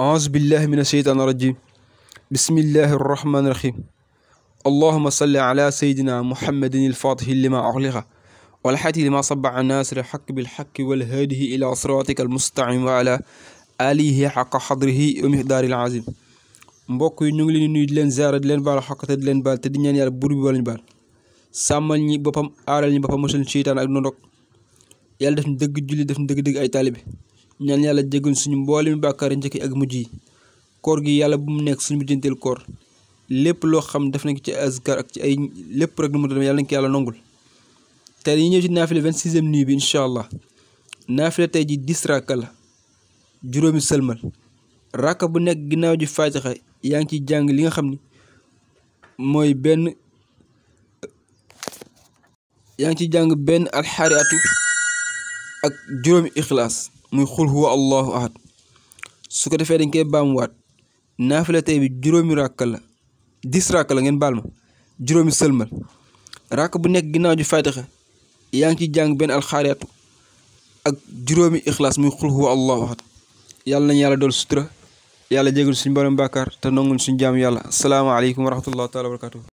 أعوذ بالله من الشيطان الرجيم بسم الله الرحمن الرحيم اللهم صل على سيدنا محمد الفاتح لما أغلق والحاتي لما صبع الناصر الحق بالحق والهادي إلى صراطك المستقيم وعلى آله حق حضره ومقدار العظيم mbokk yi ñu ngi leen di nuyu di leen ziara di leen baal xaq te di leen baal te di ñaan yàlla buur bi wala ñu baal sàmmal ñi boppam aaral ñi boppam mosul seytaan ak nondog yàlla def ñu dëgg julli def ñu dëgg-dëgg ay taalibe ñaan yàlla jégal suñu mboolem bàkkaar njëkk ak mujj yi koor gi yàlla bu mu nekk suñu mujjanteel koor lépp loo xam def nañ ko ci azkar ak ci ay lépp rek lu mu doon yàlla nañ yàlla nongul te dañuy ñëw ci naafile nii sixième bi incha allah naafile tey ji dix raaka la juróomi sëlmal raaka bu nekk ginnaaw ji faatixa yaa ngi ciy jàng li nga xam ni mooy benn yaa ngi ciy jàng benn alxariatu ak juróomi ixlaas muy xul huwa allahu ahad su ko defee dañ koy baamuwaat naafila tey bi juróomi ràkk la dix ràkk la ngeen baal ma juróomi sëlmal ràkk bu nekk ginnaaw ju fatixa yaa ngi ci jàng benn alxaariatu ak juróomi ixlaas muy xul huwa allahu ahad yàlla nañu yàlla dool sutura yàlla jégal suñu borom bàkkaar te nangul suñ jaam yàlla asalaamaaleykum wa rahmatullahi taala wa barakatuh